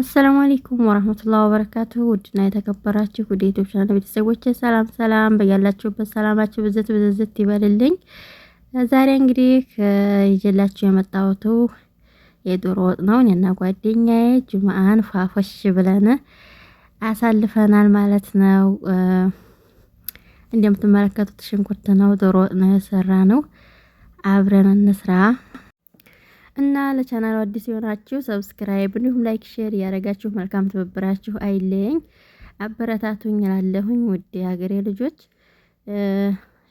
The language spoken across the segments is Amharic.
አሰላሙ አለይኩም ወረህመቱላህ ወበረካቱሁ ውድና የተከበራችሁ ውድ ዩቲዩብ ቻናል ቤተሰቦች ሰላም ሰላም፣ በያላችሁበት ሰላማችሁ ብዘት ብዘዝት ይበልልኝ። ዛሬ እንግዲህ ይዤላችሁ የመጣሁት የዶሮ ወጥ ነው። እኔና ጓደኛዬ ጅምአን ፏፏሽ ብለን አሳልፈናል ማለት ነው። እንደምትመለከቱት ሽንኩርት ነው፣ ዶሮ ወጥ ነው የሰራ ነው። አብረን እንስራ እና ለቻናሉ አዲስ የሆናችሁ ሰብስክራይብ፣ እንዲሁም ላይክ፣ ሼር እያደረጋችሁ መልካም ትብብራችሁ አይለየኝ፣ አበረታቱኝ እላለሁኝ። ውድ የሀገሬ ልጆች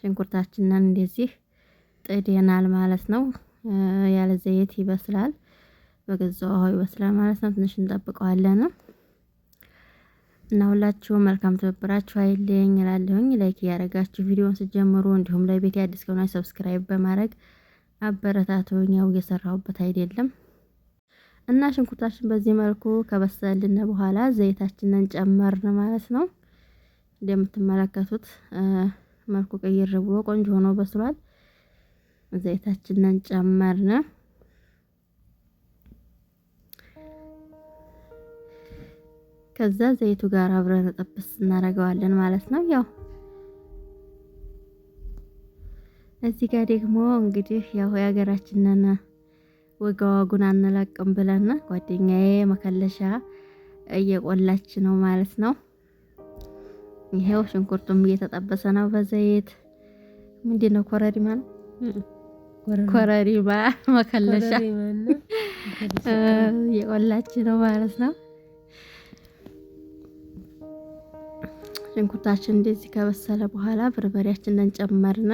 ሽንኩርታችንን እንደዚህ ጥደናል ማለት ነው። ያለ ዘይት ይበስላል፣ በገዛ ውሃ ይበስላል ማለት ነው። ትንሽ እንጠብቀዋለን እና ሁላችሁ መልካም ትብብራችሁ አይለየኝ እላለሁኝ። ላይክ እያደረጋችሁ ቪዲዮን ስጀምሩ፣ እንዲሁም ቤት አዲስ ከሆናችሁ ሰብስክራይብ በማድረግ አበረታቱኝ። ያው እየሰራሁበት አይደለም እና ሽንኩርታችን በዚህ መልኩ ከበሰልን በኋላ ዘይታችንን ጨመርን ማለት ነው። እንደምትመለከቱት መልኩ ቀይር ብሎ ቆንጆ ሆኖ በስሏል። ዘይታችንን ጨመርን። ከዛ ዘይቱ ጋር አብረን ጥብስ እናደርገዋለን ማለት ነው ያው እዚህ ጋር ደግሞ እንግዲህ ያው የሀገራችንን ወጋዋጉን አንለቅም ብለን ጓደኛዬ መከለሻ እየቆላች ነው ማለት ነው። ይሄው ሽንኩርቱም እየተጠበሰ ነው በዘይት ምንድን ነው ኮረሪማ ነው ኮረሪማ መከለሻ እየቆላች ነው ማለት ነው። ሽንኩርታችን እንደዚህ ከበሰለ በኋላ በርበሬያችንን ጨመርነ።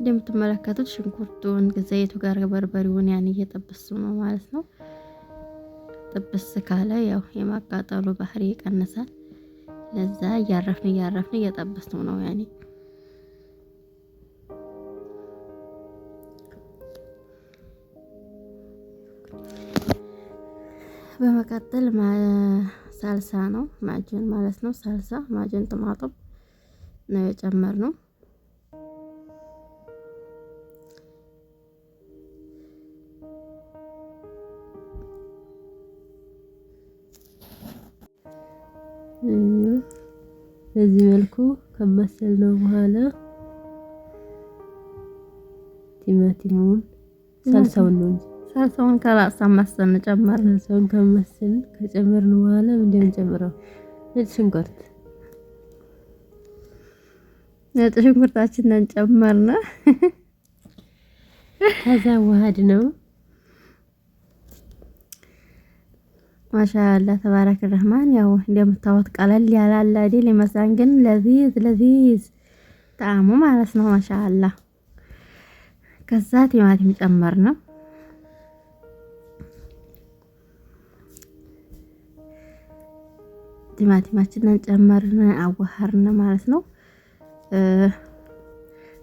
እንደምትመለከቱት ሽንኩርቱን ዘይቱ ጋር በርበሬውን ያን እየጠበሱ ነው ማለት ነው። ጥብስ ካለ ያው የማቃጠሉ ባህሪ ይቀንሳል። ለዛ እያረፍን እያረፍን እየጠበስ ነው ነው ያኔ በመቀጠል ሳልሳ ነው ማጅን ማለት ነው። ሳልሳ ማጅን ጥማጥም ነው የጨመር ነው በዚህ መልኩ ከመሰል ነው በኋላ ቲማቲሙን ሳልሳውን ነው ሳልሳውን ከላሳ ማሰል ነው ጨመር ሳልሳውን ከመሰል ከጨመርን በኋላ ምንድነው ጨምረው ነጭ ሽንኩርት ነጭ ሽንኩርታችንን ጨመርና ከዛ ዋሃድ ነው ማሻአላ ተባረክ ረህማን። ያው እንደምታወት ቀለል ያለ አይደል? ይመስላል ግን ለዚዝ ለዚዝ ጣዕሙ ማለት ነው። ማሻአላ ከዛ ቲማቲም ጨመር ነው ቲማቲማችንን ጨመርን አዋሃርን ማለት ነው።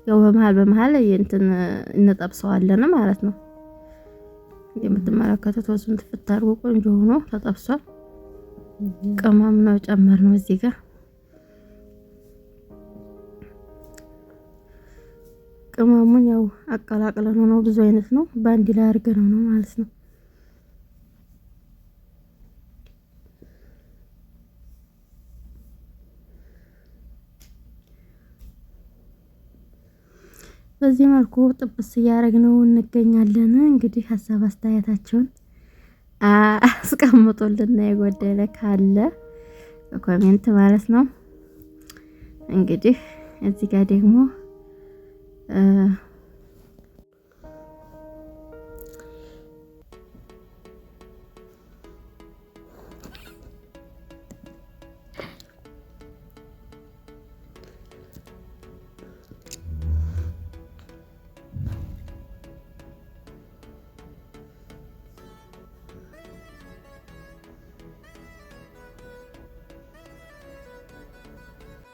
ያው በመሀል በመሀል እንትን እንጠብሰዋለን ማለት ነው። እንደምትመለከቱት ወዙን ትፍት አድርጎ ቆንጆ ሆኖ ተጠብሷል። ቅመም ነው ጨመር ነው እዚህ ጋር ቅመሙን ያው አቀላቅለን ነው ብዙ አይነት ነው በአንድ ላይ አድርገን ነው ማለት ነው። በዚህ መልኩ ጥብስ እያደረግነው እንገኛለን። እንግዲህ ሀሳብ አስተያየታቸውን አስቀምጡልና የጎደለ ካለ ኮሜንት ማለት ነው። እንግዲህ እዚህ ጋር ደግሞ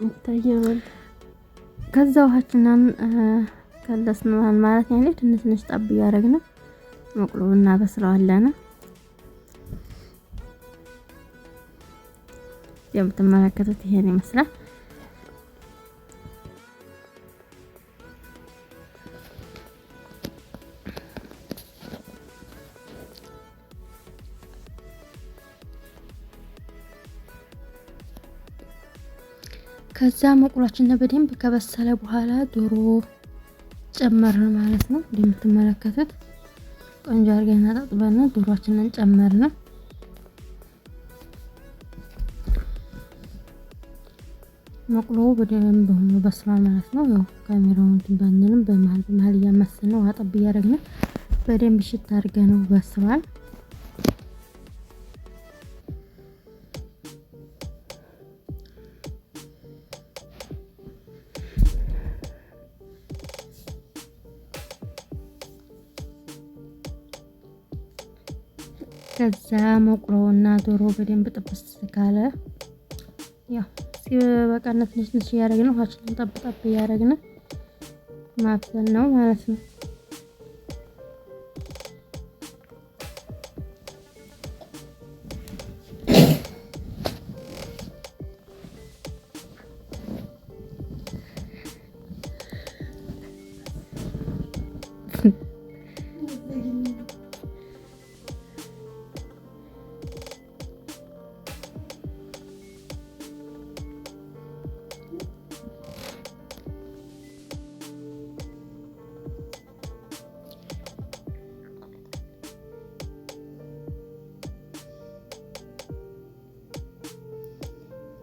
ይታያል። ከዛ ውሃችንን ከለስነዋል ማለት ያኔ ትንሽ ትንሽ ጣብ እያደረግን መቁሎ እናበስለዋለን። የምትመለከቱት ይሄን ይመስላል። ከዛ መቁላችን በደንብ ከበሰለ በኋላ ዶሮ ጨመርን ማለት ነው። እንደምትመለከቱት ቆንጆ አድርገን አጣጥበን ዶሮችንን ጨመርን። መቁሎ በደንብ ሆኖ በስሏል ማለት ነው። ያው ካሜራውን ባንንም በመሀል በመሀል እያመሰን ነው አጠብ እያደረግን በደንብ ሽታ አድርገ ነው በስሏል። ከዛ መቁረውና ዶሮ በደንብ ጥብስ ካለ ያው ሲበቃነት ትንሽ ትንሽ እያደረግን ውሃችንን ጠብጠብ እያደረግን ማብሰል ነው ማለት ነው።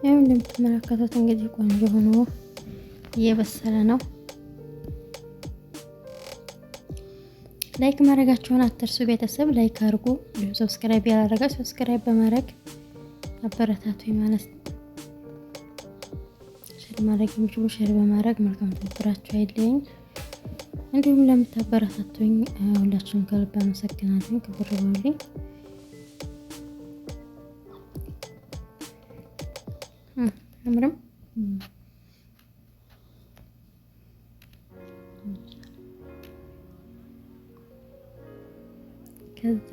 ያው እንደምትመለከቱት እንግዲህ ቆንጆ ሆኖ እየበሰለ ነው። ላይክ ማድረጋችሁን አትርሱ ቤተሰብ፣ ላይክ አድርጉ። እንዲሁም ሰብስክራይብ ያላደረጋችሁ ሰብስክራይብ በማድረግ አበረታቱ ማለት ሸር ማድረግ የሚችሉ ሸር በማድረግ መልካም ትብብራችሁ አይለኝ። እንዲሁም ለምታበረታቱኝ ሁላችሁን ከልብ አመሰግናለን። ክብር በሉልኝ። አያምርም? ከዛ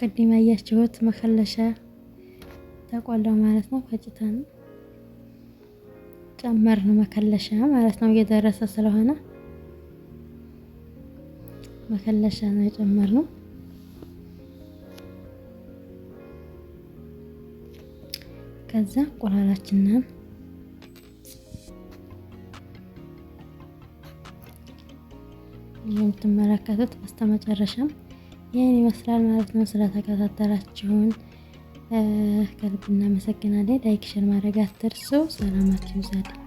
ቅድም ያያችሁት መከለሻ ተቆላው ማለት ነው። ፈጭተን ጨመርን መከለሻ ማለት ነው። እየደረሰ ስለሆነ መከለሻ ነው የጨመርነው። ከዛ እንቁላላችንን የምትመለከቱት በስተመጨረሻም ይህን ይመስላል ማለት ነው። ስለተከታተላችሁን ከልብ እናመሰግናለን። ላይክ፣ ሼር ማድረግ አትርሱ። ሰላማችሁ ይብዛልኝ።